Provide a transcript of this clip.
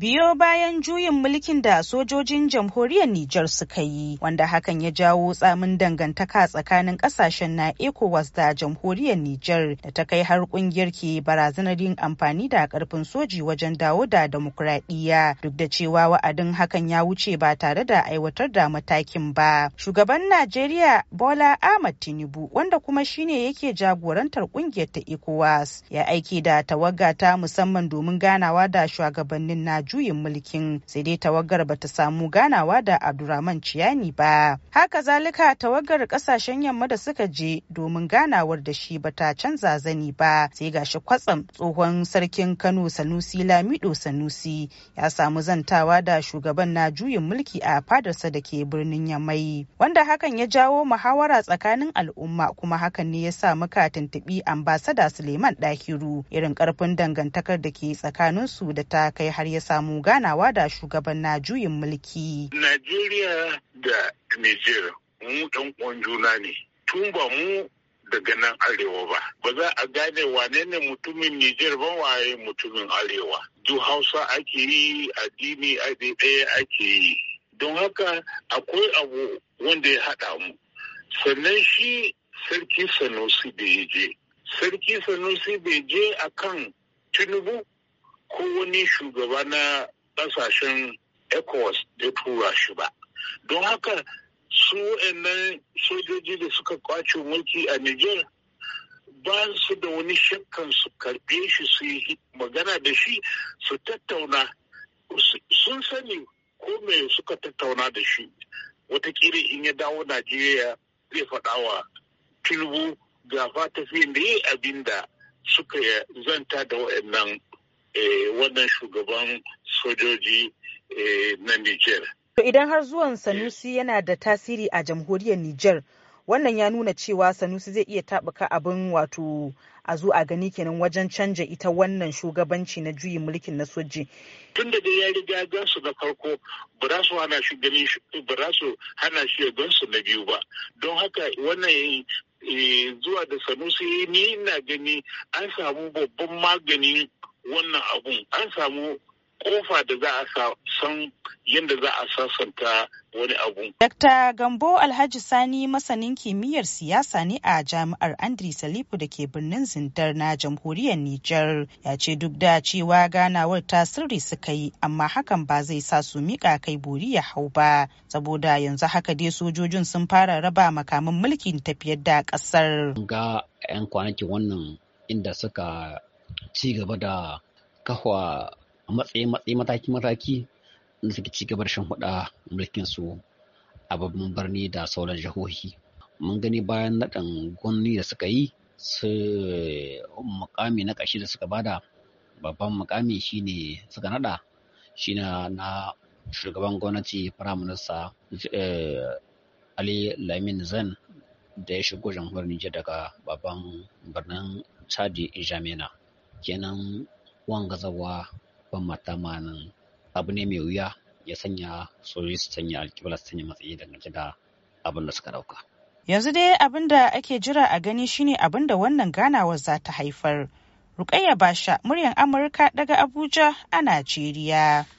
biyo bayan juyin mulkin da sojojin jamhuriyar Nijar suka yi wanda hakan ya jawo tsamin dangantaka tsakanin kasashen na ECOWAS da jamhuriyar Nijar da ta kai har kungiyar ke barazanar yin amfani da karfin soji wajen dawo da dimokuraɗiyya, duk da cewa wa'adin hakan ya wuce ba tare da aiwatar da matakin ba. Shugaban Najeriya Bola Ahmad Tinubu wanda kuma shine yake jagorantar kungiyar ta ECOWAS ya aiki da tawagata ta musamman domin ganawa da shugabannin Najeriya. juyin mulkin sai dai tawagar bata samu ganawa da abdurrahman ciyani ba haka zalika tawagar kasashen yamma da suka je domin ganawar da shi bata canza zani ba sai gashi kwatsam tsohon sarkin kano sanusi lamido sanusi ya samu zantawa da shugaban na juyin mulki a fadarsa da ke birnin yamai wanda hakan ya jawo muhawara tsakanin al'umma kuma hakan ne ya sa muka tuntuɓi ambasada suleiman dakiru irin karfin dangantakar da ke tsakaninsu da ta kai har ya samu samu ganawa da shugaban na juyin mulki. Najeriya da Niger mu ɗan ƙwan juna ne. Tun ba mu daga nan arewa ba. Ba za a gane wane ne mutumin Nijar ba waye mutumin arewa. Duk Hausa ake yi, addini ɗaya ake yi. Don haka akwai abu wanda ya haɗa mu. Sannan shi sarki Sanusi da je. Sarki Sanusi bai je a kan Tinubu kowane shugaba na ƙasashen ECOWAS da tura shi ba. Don haka su nan sojoji da suka kwace mulki a niger ba su da wani shakkan su karɓi shi su yi magana da shi su tattauna sun sani ko me suka tattauna da shi watakila in ya dawo Najeriya zai faɗa wa Tinubu ga fatafiyan da yi abin da suka zanta da waɗannan Eh, wannan shugaban sojoji eh, na Nijar. To idan har zuwan Sanusi eh. yana da tasiri a jamhuriyar Nijar, wannan ya nuna cewa Sanusi zai iya taɓuka abin wato a zo a gani kenan wajen canja ita wannan shugabanci na juyin mulkin na soji. Tun da dai ya riga gansu na farko ba su hana shi gansu na biyu ba. Don haka wannan zuwa da Sanusi ni ina gani an samu babban magani. wannan abun an samu kofa da za a san yadda za a sassanta wani abu. Dr. Gambo Alhaji Sani masanin kimiyyar siyasa ne a jami'ar Andri Salifu da ke birnin zintar na jamhuriyar Nijar ya ce duk da cewa ganawar ta sirri suka yi amma hakan ba zai sa su miƙa kai buri ya hau ba saboda yanzu haka dai sojojin sun fara raba makamin mulkin tafiyar da ƙasar. Ga 'yan kwanaki wannan inda suka ci gaba da kafa matsayi-matsayi mataki-mataki da suke ci gaba da shan hudu mulkin su a babban birni da sauran jihohi mun gani bayan naɗin gwamnati da suka yi su mukami na ƙashi da suka bada babban mukami shine suka naɗa shine na shugaban gwamnati firaminista eh, ali lamin zan da ya shigo jamhuriyar nijar daga babban birnin chadi jamina kenan wanga zawa ban mata nan, abu ne mai wuya ya sanya sojoji su sanya alkibla su sanya matsayi dangance da abin da suka dauka. Yanzu dai abin da ake jira a gani shine abin da wannan ganawar za ta haifar. Rukayya Basha, muryar Amurka daga Abuja a Najeriya.